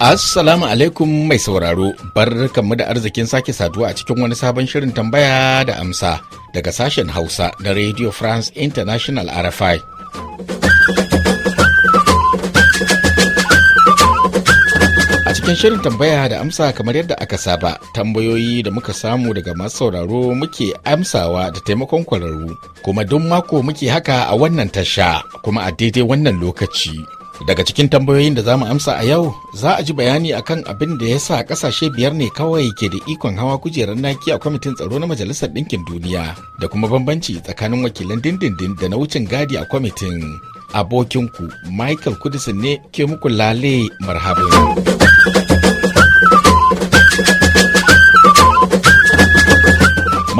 Assalamu alaikum mai sauraro, barkanmu da arzikin sake saduwa a cikin wani sabon shirin tambaya da amsa daga sashen Hausa na Radio France International RFI. cikin shirin tambaya da amsa kamar yadda aka saba tambayoyi da muka samu daga masu sauraro muke amsawa da taimakon kwararru kuma duk mako muke haka a wannan tasha kuma a daidai wannan lokaci daga cikin tambayoyin da za mu amsa a yau za a ji bayani akan abin da ya sa kasashe biyar ne kawai ke da ikon hawa kujerar naki a kwamitin tsaro na majalisar ɗinkin duniya da kuma bambanci tsakanin wakilan dindindin da na wucin gadi a kwamitin abokinku michael kudisin ne ke muku lale marhaba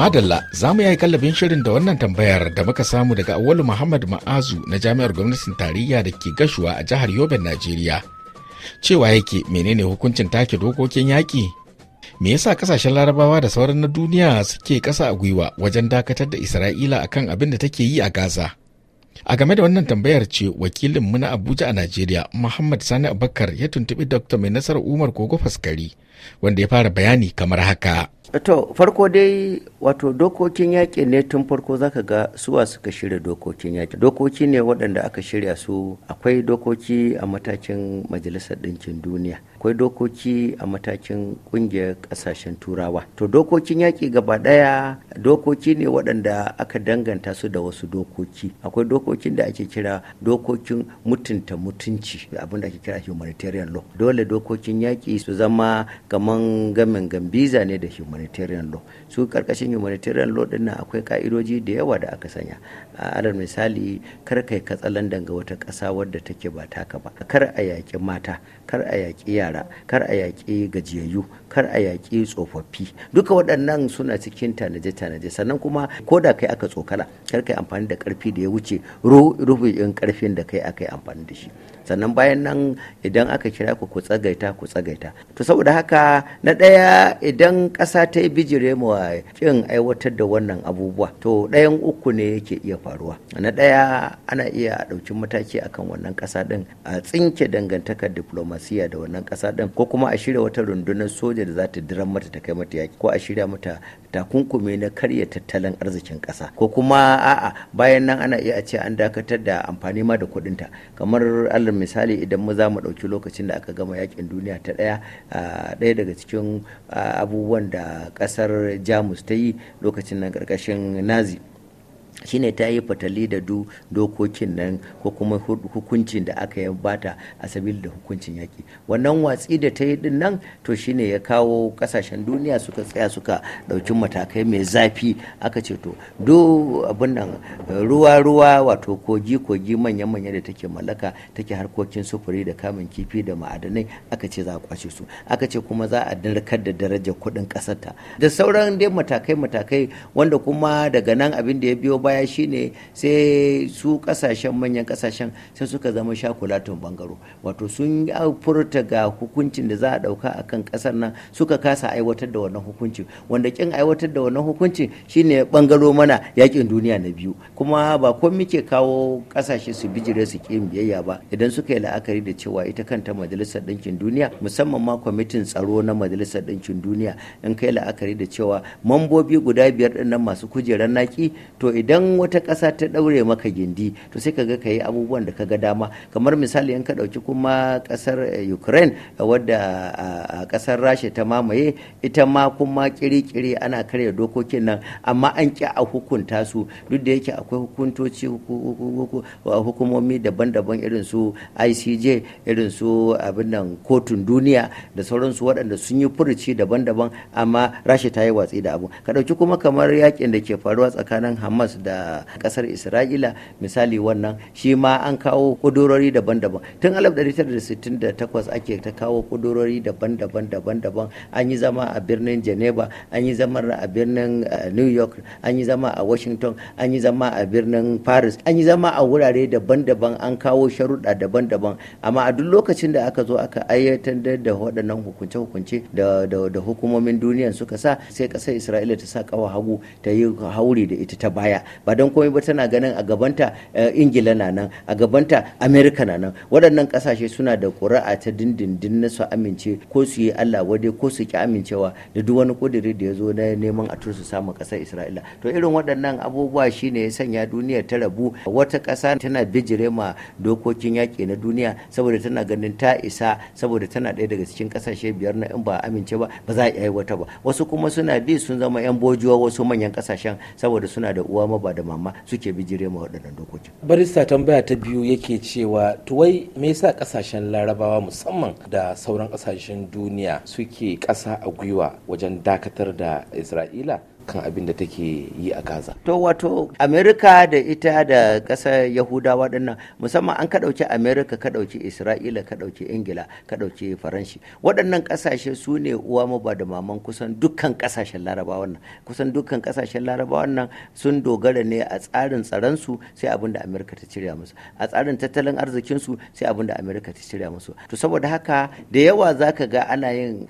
Madalla za mu yi kallabin shirin da wannan tambayar da muka samu daga awalu Muhammad Ma'azu na Jami'ar Gwamnatin Tarayya da ke gashuwa a jihar Yobe, Najeriya. Cewa yake menene hukuncin take dokokin yaƙi? Me yasa kasashen Larabawa da sauran na duniya suke ƙasa a gwiwa wajen dakatar da Isra'ila akan abin da take yi a Gaza? A game da wannan tambayar ce wakilin mu na Abuja a Najeriya Muhammad Sani Abubakar ya tuntubi Dr. Mai Nasarar Umar Kogo Faskari wanda ya fara bayani kamar haka. To farko dai wato dokokin yaƙi ne tun farko zaka ga suwa suka shirya dokokin yaƙi. Dokoki ne waɗanda aka shirya su akwai dokoki a matakin Majalisar Ɗinkin Duniya. akwai dokoki a matakin kungiyar kasashen turawa to dokokin yaƙi gaba ɗaya dokoki ne waɗanda aka danganta su da wasu dokoki akwai dokokin da ake kira dokokin mutunta mutunci abinda ake kira humanitarian law dole dokokin yaƙi su zama kaman gamin gambiza ne da humanitarian law su karkashin humanitarian law ɗin akwai ka'idoji da yawa da aka sanya alal misali kar kai katsalan ga wata ƙasa wadda take ba taka ba kar a yaƙi mata kar a yaƙi yara kar a yaƙi gajiyayyu kar a yaƙi tsofaffi duka waɗannan suna cikin tanaje-tanaje sannan kuma ko da kai aka tsokala kar kai amfani da ƙarfi da ya wuce rubu'in ƙarfin da kai aka yi amfani da shi sannan bayan nan idan aka kira ku ku tsagaita ku tsagaita to saboda haka na ɗaya idan ƙasa ta yi bijire ma kin aiwatar da wannan abubuwa to ɗayan uku ne yake iya faruwa na ɗaya ana iya ɗauki mataki akan wannan ƙasa ɗin a tsinke dangantakar diplomasiya da wannan ƙasa ɗin ko kuma a shirya wata rundunar soja da za ta diran mata ta kai mata yaƙi ko a shirya mata takunkumi na karya tattalin arzikin ƙasa ko kuma a'a bayan nan ana iya a ce an dakatar da amfani ma da kuɗinta kamar alal misali idan mu za mu ɗauki lokacin da aka gama yakin duniya ta ɗaya ɗaya daga cikin abubuwan da ƙasar jamus ta yi lokacin nan ƙarƙashin nazi shine ta yi fatali da du dokokin nan ko kuma hukuncin da aka yi bata a sabili da hukuncin yaki wannan watsi da ta yi din nan to shine ya kawo ƙasashen duniya suka tsaya suka ɗauki matakai mai zafi aka ce to do abin nan ruwa ruwa wato kogi kogi manya manya da take mallaka take harkokin sufuri da kamun kifi da ma'adanai aka ce za a kwashe su aka ce kuma za a narkar da darajar kuɗin ƙasarta da sauran dai matakai matakai wanda kuma daga nan abin da ya biyo baya shine sai su kasashen manyan kasashen sai suka zama shakulatun bangaro wato sun furta ga hukuncin da za a dauka a kan kasar nan suka kasa aiwatar da wannan hukuncin wanda kin aiwatar da wannan shi shine bangaro mana yakin duniya na biyu kuma ba ko muke kawo kasashe su bijire su kin biyayya ba idan suka yi la'akari da cewa ita kanta majalisar ɗinkin duniya musamman ma kwamitin tsaro na majalisar ɗinkin duniya in kai la'akari da cewa mambobi guda biyar ɗin nan masu kujerar naki to idan idan wata ƙasa ta ɗaure maka gindi to sai kaga ka yi abubuwan da ka ga dama kamar misali in ka ɗauki kuma ƙasar eh, ukraine eh, wadda a ƙasar rasha ta mamaye ita ma kuma ƙiri ƙiri ana karya dokokin nan amma an ƙi a hukunta su duk da yake akwai hukuntoci hukumomi daban-daban irin su icj irin su abin nan kotun duniya da sauransu waɗanda sun yi furuci daban-daban amma rasha ta yi watsi da abu ka ɗauki kuma kamar yakin da ke faruwa tsakanin hamas da kasar isra'ila misali wannan shi ma an kawo kudurori daban-daban tun 1968 ake ta kawo kudurori daban-daban daban-daban an yi zama a birnin geneva an yi zama a birnin eh, new york an yi zama a washington an yi zama a birnin paris an yi zama a wurare daban-daban an kawo sharuɗa daban-daban amma a duk lokacin da aka zo aka ayyatar da waɗannan hukunce-hukunce da hukumomin duniya suka sa sai ƙasar isra'ila ta sa kawo hagu ta yi hauri da ita ta baya ba don komai ba tana ganin a gabanta eh, ingila na nan a gabanta amerika na nan waɗannan ƙasashe suna da ƙuri'a ta dindindin na su amince ko su yi allah wadai ko su ki amincewa da duk wani ƙudiri da ya zo na neman a tursu samun ƙasar isra'ila to irin waɗannan abubuwa shine ya sanya duniya ta rabu wata ƙasa tana bijire ma dokokin yaƙi na duniya saboda tana ganin ta isa saboda tana ɗaya daga cikin ƙasashe biyar na in ba amince ba ba za a iya wata ba wasu kuma suna bi sun zama 'yan bojuwa wasu manyan ƙasashen saboda suna da uwa kuma da mama suke bijire ma waɗannan dokokin. barista tambaya ta biyu yake cewa tuwai me yasa kasashen larabawa musamman da sauran kasashen duniya suke ƙasa a gwiwa wajen dakatar da isra'ila kan abin da take yi a gaza to wato amerika da ita da ƙasar yahudawa dinnan musamman an ka ɗauki amerika ka ɗauki isra'ila ka ɗauki ingila ka ɗauki faranshi waɗannan ƙasashe su ne uwa ba da maman kusan dukkan ƙasashen larabawan nan kusan dukkan ƙasashen larabawan nan sun dogara ne a tsarin tsaronsu sai abin da amerika ta cire musu a tsarin tattalin arzikinsu sai abin da amerika ta cire musu to saboda haka da yawa zaka ga ana yin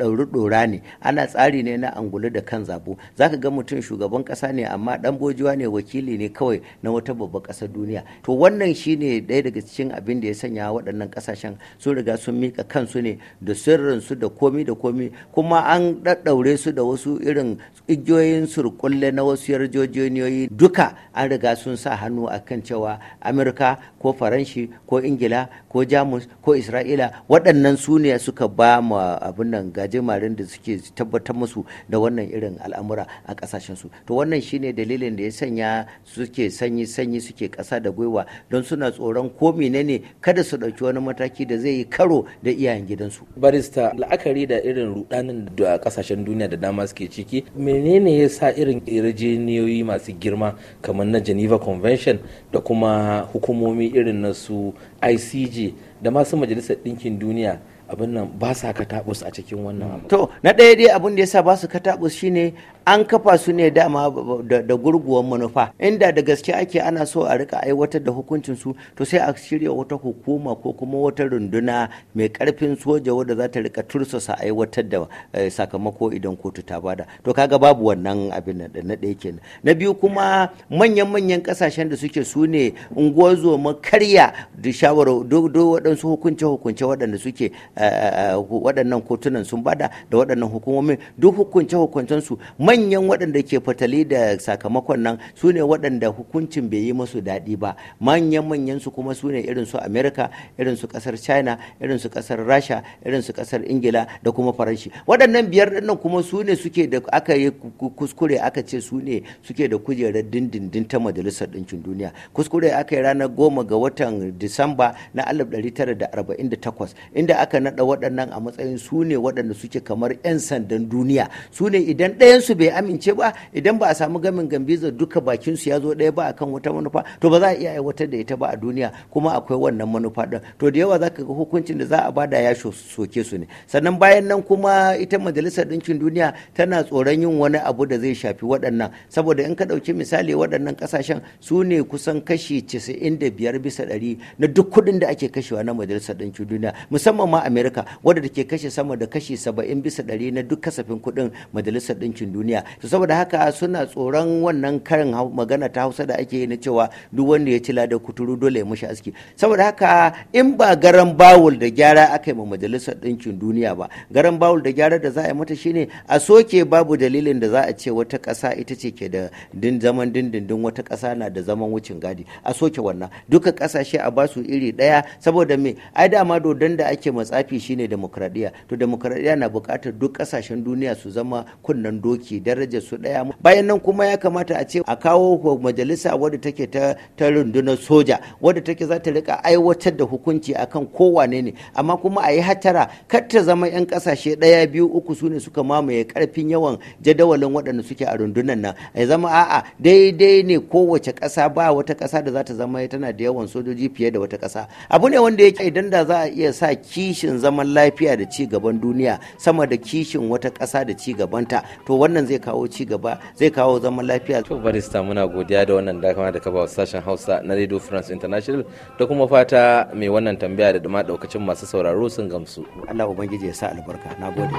ɗauri-ɗora ne ana tsari ne na angulu da kan zabo za ka ga mutum shugaban ƙasa ne amma ɗan bojuwa ne wakili ne kawai na wata babbar ƙasar duniya to wannan shine ɗaya daga cikin abin da ya sanya waɗannan ƙasashen sun riga sun mika kansu ne da sirrinsu da komi da komi kuma an ɗaɗɗaure su da wasu irin igiyoyin surkulle na wasu yarjejeniyoyi duka an riga sun sa hannu a kan cewa amurka ko faranshi ko ingila ko jamus ko isra'ila waɗannan su ne suka ba ma abin nan gajimarin da suke tabbatar musu da wannan irin al'amura al'amura a kasashen su to wannan shine dalilin da ya sanya suke sanyi sanyi suke kasa da gwiwa don suna tsoron ko menene kada su dauki wani mataki da zai yi karo da iyayen gidansu barista la'akari da irin rudanin da kasashen duniya da dama suke ciki menene ya sa irin yarjejeniyoyi masu girma kamar na Geneva Convention da kuma hukumomi irin na su ICJ da masu majalisar ɗinkin duniya abin nan ba sa katabus a cikin wannan abu. To, na ɗaya dai abin da ya sa ba su katabus shine an kafa su ne dama da gurguwar manufa inda da gaske ake ana so a rika aiwatar da hukuncin su to sai a shirya wata hukuma ko kuma wata runduna mai karfin soja wadda za ta rika tursasa aiwatar da eh, sakamako idan kotu ta bada to kaga babu wannan abin na ɗaya kenan na biyu kuma manyan-manyan kasashen da suke su ne unguwar zoma karya da shawara do waɗansu hukunce-hukunce waɗanda suke eh, eh, waɗannan kotunan sun bada da waɗannan hukumomin duk hukunce-hukuncen su manyan waɗanda ke fatali da sakamakon nan su ne waɗanda hukuncin bai yi masu daɗi ba manyan manyan su kuma su ne irin su amerika irin su ƙasar china irin su ƙasar rasha irin su ƙasar ingila da kuma faranshi waɗannan biyar ɗinnan kuma su ne suke da aka yi kuskure aka ce su ne suke da kujerar dindindin ta majalisar ɗinkin duniya kuskure aka yi ranar goma ga watan disamba na 1948 inda aka naɗa waɗannan a matsayin su ne waɗanda suke kamar 'yan sandan duniya su ne idan ɗayansu bai amince ba idan ba a samu gamin gambiza duka bakin su ya zo daya ba akan wata manufa to ba za a iya aiwatar da ita ba a duniya kuma akwai wannan manufa din to da yawa zaka ga hukuncin da za a bada ya soke su ne sannan bayan nan kuma ita majalisar ɗinkin duniya tana tsoron yin wani abu da zai shafi waɗannan saboda in ka ɗauki misali waɗannan kasashen su ne kusan kashi 95 bisa ɗari na duk kuɗin da ake kashewa na majalisar ɗinkin duniya musamman ma amerika wadda take kashe sama da kashi 70 bisa ɗari na duk kasafin kuɗin majalisar ɗinkin duniya duniya to saboda haka suna tsoron wannan karin magana ta hausa da ake yi na cewa duk wanda ya ci lada kuturu dole ya mushi aski saboda haka in ba garan bawul da gyara aka yi ma majalisar ɗinkin duniya ba garan bawul da gyara da za a yi mata shine a soke babu dalilin da za a ce wata ƙasa ita ce ke da din zaman dindindin wata ƙasa na da zaman wucin gadi a soke wannan duka ƙasashe a basu iri ɗaya saboda me ai dama dodon da ake matsafi shine demokradiyya to demokradiyya na buƙatar duk ƙasashen duniya su zama kunnen doki daraja su daya bayan nan kuma ya kamata a ce a kawo majalisa wadda take ta rundunar soja wadda take za ta rika aiwatar da hukunci akan kowane ne amma kuma a yi hatara kar ta zama yan kasashe ɗaya biyu uku su ne suka mamaye karfin yawan jadawalin waɗanda suke a rundunar nan ya zama a'a daidai ne kowace ƙasa ba wata ƙasa da za ta zama tana da yawan sojoji fiye da wata ƙasa abu ne wanda yake idan da za a iya sa kishin zaman lafiya da ci gaban duniya sama da kishin wata ƙasa da ci gabanta to wannan zai kawo ci gaba zai kawo zaman lafiya to barista muna godiya da wannan dakama da kafa sashen Hausa na Radio France International da kuma fata mai wannan tambaya da dama daukacin masu sauraro sun gamsu Allah ubangiji ya sa albarka nagode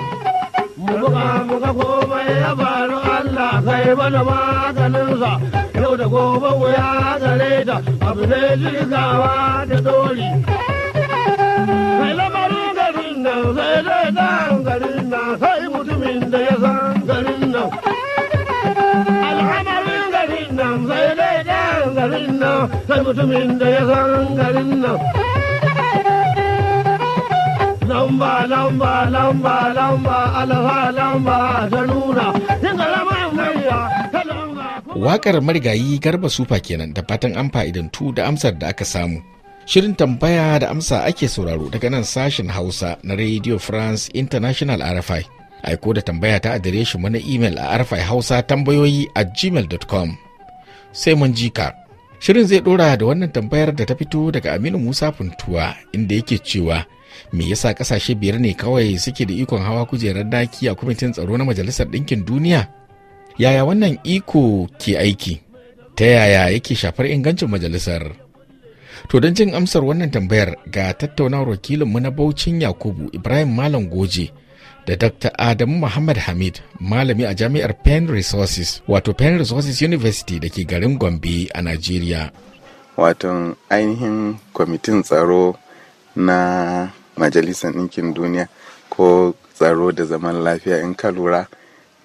muka muka komai ya faru Allah kai mana maganinsa yau da gobe wuya gare ta abu ne jirgawa da doli kai lamarin garin nan sai dai garin nan sai mutumin da ya san garin al'amarin garin nan sai dai garin nan sai mutumin da ya san garin nan lamba lamba lamba lamba alfa lamba ta nuna yin karamar murya Waƙar marigayi garba sufa kenan da fatan an fa'idantu da amsar da aka samu. Shirin tambaya da amsa ake sauraro daga nan sashen Hausa na Radio France International RFI. aiko da tambaya ta adireshin mu na imel a arfai hausa tambayoyi a gmail.com sai mun ji ka shirin zai dora da wannan tambayar da ta fito daga aminu musa funtuwa inda yake cewa me yasa kasashe biyar ne kawai suke da ikon hawa kujerar daki a kwamitin tsaro na majalisar ɗinkin duniya yaya wannan iko ke aiki ta yaya yake shafar ingancin majalisar to don jin amsar wannan tambayar ga tattaunawar wakilinmu na baucin yakubu ibrahim malam goje da Dr. Adamu Muhammad Hamid, malami a jami'ar Penn Resources, wato Penn Resources University da ke garin Gombe a Najeriya. Waton ainihin kwamitin tsaro na Majalisar Ɗinkin Duniya ko tsaro da zaman lafiya in ka lura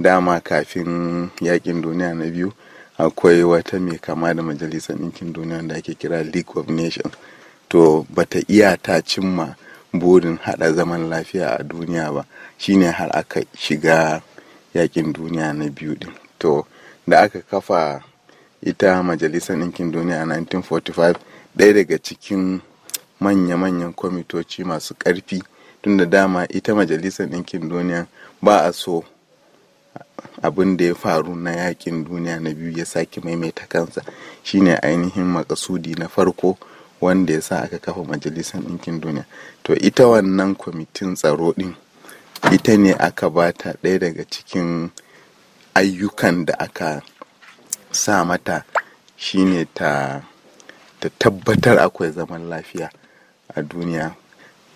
dama kafin yakin duniya na biyu akwai wata mai kama da Majalisar Ɗinkin Duniya da ake kira League of Nations. To bata iya ta cimma burin hada zaman lafiya a duniya ba shine har aka shiga yakin duniya na biyu din to da aka kafa ita majalisar ɗinkin duniya a 1945 ɗaya daga cikin manya-manyan kwamitoci masu ƙarfi tun da dama ita majalisar ɗinkin duniya ba a so abin da ya faru na yakin duniya na biyu ya sake maimaita kansa shine ainihin makasudi na farko wanda ya sa aka kafa majalisar ɗinkin duniya to ita wannan kwamitin tsaro ɗin ita ne aka bata ɗaya daga cikin ayyukan da aka sa mata shine ta ta tabbatar akwai zaman lafiya a duniya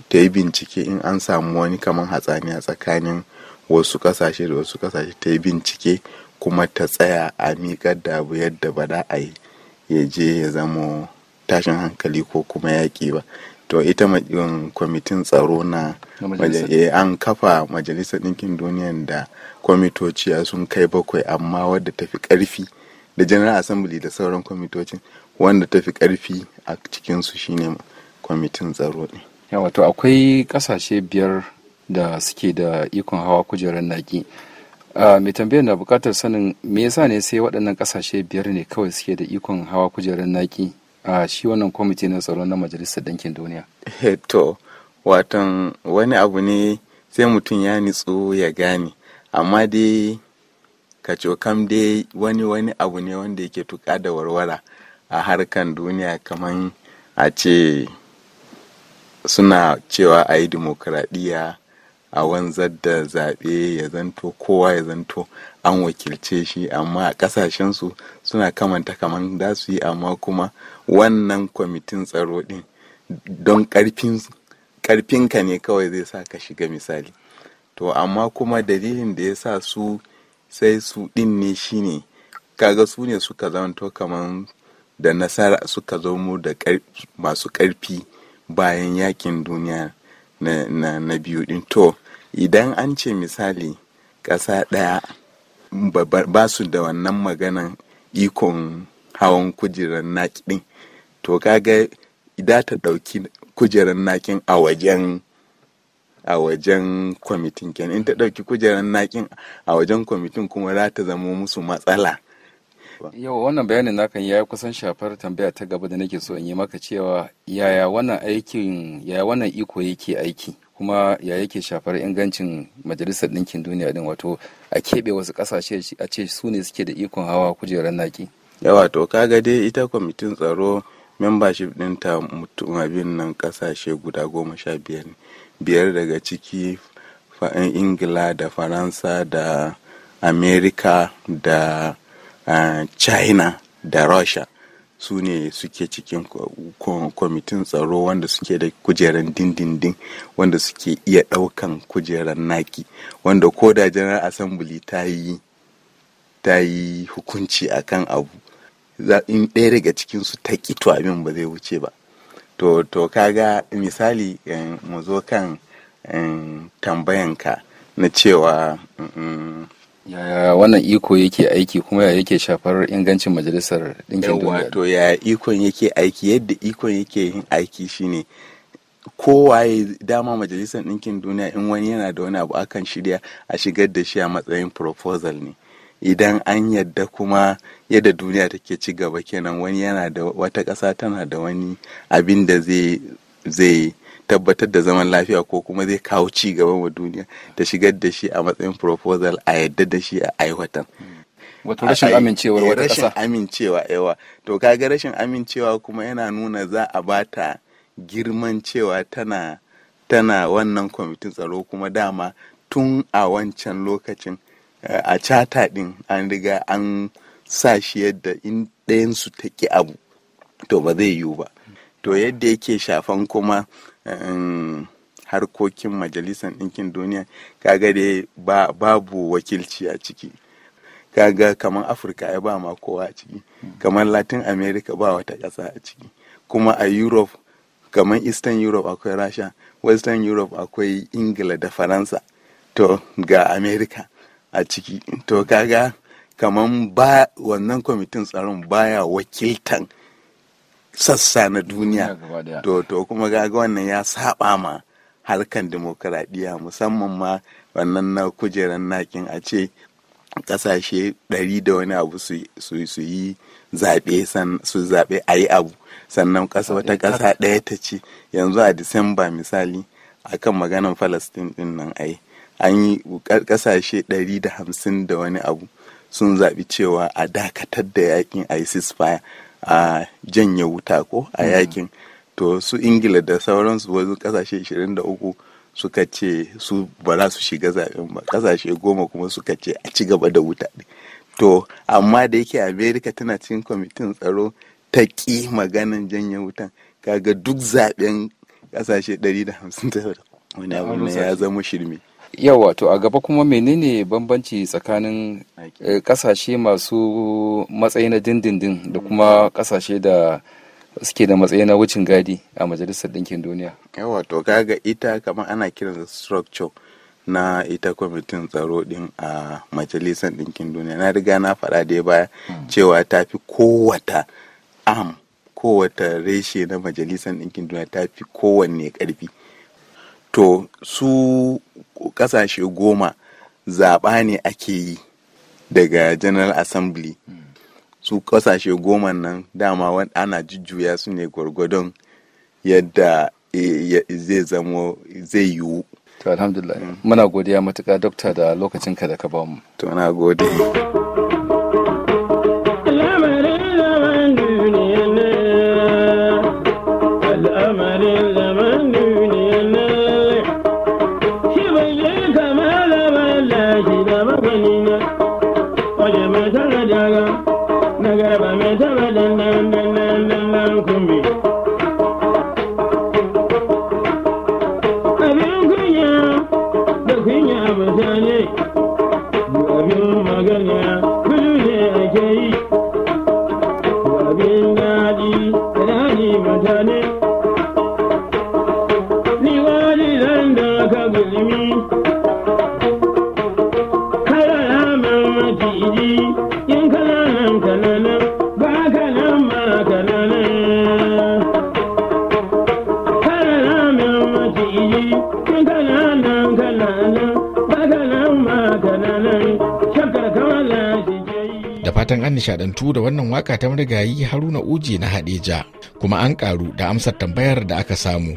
ta yi bincike in an samu wani kamar hatsaniya tsakanin wasu kasashe da wasu kasashe ta yi bincike kuma ta tsaya a miƙar da abu yadda ba da a yi ya je ya zama tashin hankali ko kuma yaƙi ba to ita um, kwamitin tsaro na eh, an kafa majalisar ɗinkin duniya da kwamitoci sun kai bakwai amma wadda tafi ƙarfi da general assembly da sauran kwamitocin wanda tafi ƙarfi a cikinsu shine kwamitin tsaro ne ya wato akwai ƙasashe biyar da suke da ikon hawa kujerar naki mai tambayar na bukatar sanin me yasa ne sai waɗannan ƙasashe biyar ne kawai suke da ikon hawa kujerar naki a shi wannan kwamiti na tsaro na majalisar ɗinkin duniya eh, to watan wani abu ne sai mutum ya nitsu ya gane amma dai kacokam dai wani wani abu ne wanda yake tuka da warwara a harkan duniya kamar a ce suna cewa a yi dimokuraɗiyya a wanzar da zaɓe ya zanto kowa ya zanto an wakilce shi amma a ƙasashensu suna kamanta kamar za su yi amma kuma wannan kwamitin tsaro din don karfinka ne kawai zai sa ka shiga misali to amma kuma dalilin da ya sa su sai su din ne shine kaga su ne suka zanto kamar da nasara suka zomo da masu ƙarfi bayan yakin duniya na, biyu din to idan an ce misali ƙasa ɗaya ba su da wannan maganan ikon hawan kujerar naki ɗin to kaga da ta ɗauki kujerar nakin a wajen a wajen kwamitin kenan in ta ɗauki kujerar nakin a wajen kwamitin kuma za ta zamo musu matsala yau wannan bayanin nakan ya kusan shafar tambaya ta gaba da nake so in yi maka cewa yaya wannan aikin yaya wannan iko yake aiki kuma ya yake shafar ingancin majalisar ɗinkin duniya din wato a keɓe wasu ƙasashe a ce su ne suke da ikon hawa kujerar naki yawa to kaga dai ita kwamitin tsaro membership din ta mutum abin nan kasashe guda goma sha biyar biyar daga ciki eh, ingila da faransa da america da uh, china da russia su ne suke cikin kwamitin tsaro wanda suke da kujeran dindindin wanda suke iya ɗaukan kujeran naki wanda ko da janar assembly ta yi hukunci akan abu in ɗaya daga cikinsu su ta to abin ba zai wuce ba to to kaga misali eh, mu zo kan eh, tambayanka na cewa mm, mm, wannan iko yake aiki kuma ya yake shafar ingancin majalisar ɗinkin duniya wato ya ikon yake aiki yadda ikon yake yin aiki shine kowaye dama majalisar ɗinkin duniya in wani yana da wani abu akan shirya a shigar da shi a matsayin proposal ne idan an yadda kuma yadda duniya take ci gaba kenan wani yana da wata ƙasa tana da wani abin da zai zai tabbatar da zaman lafiya ko kuma zai kawo ci gaba wa duniya ta shigar da shi a matsayin proposal a yadda da shi a aiwatan. Hmm. wato rashin amincewar wata eh, ƙasa amincewa yawa to kaga rashin amincewa kuma yana nuna za a bata girman cewa tana tana wannan kwamitin tsaro kuma dama tun a wancan lokacin a cata din an riga an sa shi yadda in ɗayansu ta ki abu to ba zai yiwu ba to yadda yake shafan kuma eh, harkokin majalisar ɗinkin duniya kaga dai babu wakilci a ciki kaga kamar afirka ya ba ma kowa a ciki kamar latin america ba wata ƙasa a ciki kuma a europe kamar eastern europe akwai rasha western europe akwai ingila da faransa to ga america a ciki to kaga kaman ba wannan kwamitin tsaron baya wakiltan sassa na duniya to to kuma kaga wannan ya saba ma harkan demokradiyya musamman ma wannan na kujeran nakin a ce kasashe ɗari da wani abu su yi zaɓe su zaɓe a yi abu sannan ƙasa wata ƙasa ɗaya ta ce yanzu a disamba misali akan maganan falastin ɗin nan ai an yi kasashe ɗari da hamsin da wani abu sun zaɓi cewa a dakatar da yakin isis fire a janye wuta ko a mm. yakin to su ingila da sauransu wasu kasashe 23 suka ce su ba za su shiga zaɓen ba kasashe goma kuma suka ce a ci gaba da wuta to amma da yake america tana cikin kwamitin tsaro ta ƙi maganin janye wutan kaga duk zaɓen kasashe 150 wani abu ya zama shirme yau wato a gaba kuma menene bambanci tsakanin kasashe eh, masu matsayi na dindindin da mm. kuma kasashe da suke da matsayi na wucin gadi a majalisar dinkin duniya yawa to kaga ita kamar ana kiran structure na ita kwamitin tsaro din a majalisar ɗinkin duniya na riga na faɗa da ya baya mm. cewa ta fi kowata am kowata reshe na majalisar ɗinkin duniya ta fi kowanne ƙarfi to su kasashe goma zaɓa ne ake yi daga general assembly su kasashe goma nan dama ana jujjuya su ne gwargwadon yadda e, zai zamo zai yiwu to alhamdulillah muna godiya matuƙa dokta da lokacinka da ka bamu to na godiya nishadantu da wannan waka ta marigayi haruna uji na hadeja kuma an karu da amsar tambayar da aka samu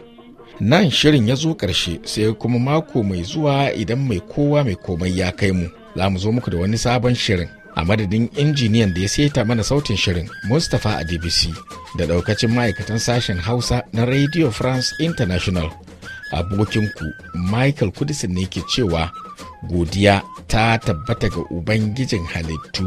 nan shirin ya zo karshe sai kuma mako mai zuwa idan mai kowa mai komai ya kai mu za mu zo muku da wani sabon shirin a madadin injiniyan da ya saita mana sautin shirin mustapha a dbc da daukacin ma'aikatan sashen hausa na radio france international abokinku michael kudisin ne ke cewa godiya ta tabbata ga ubangijin halittu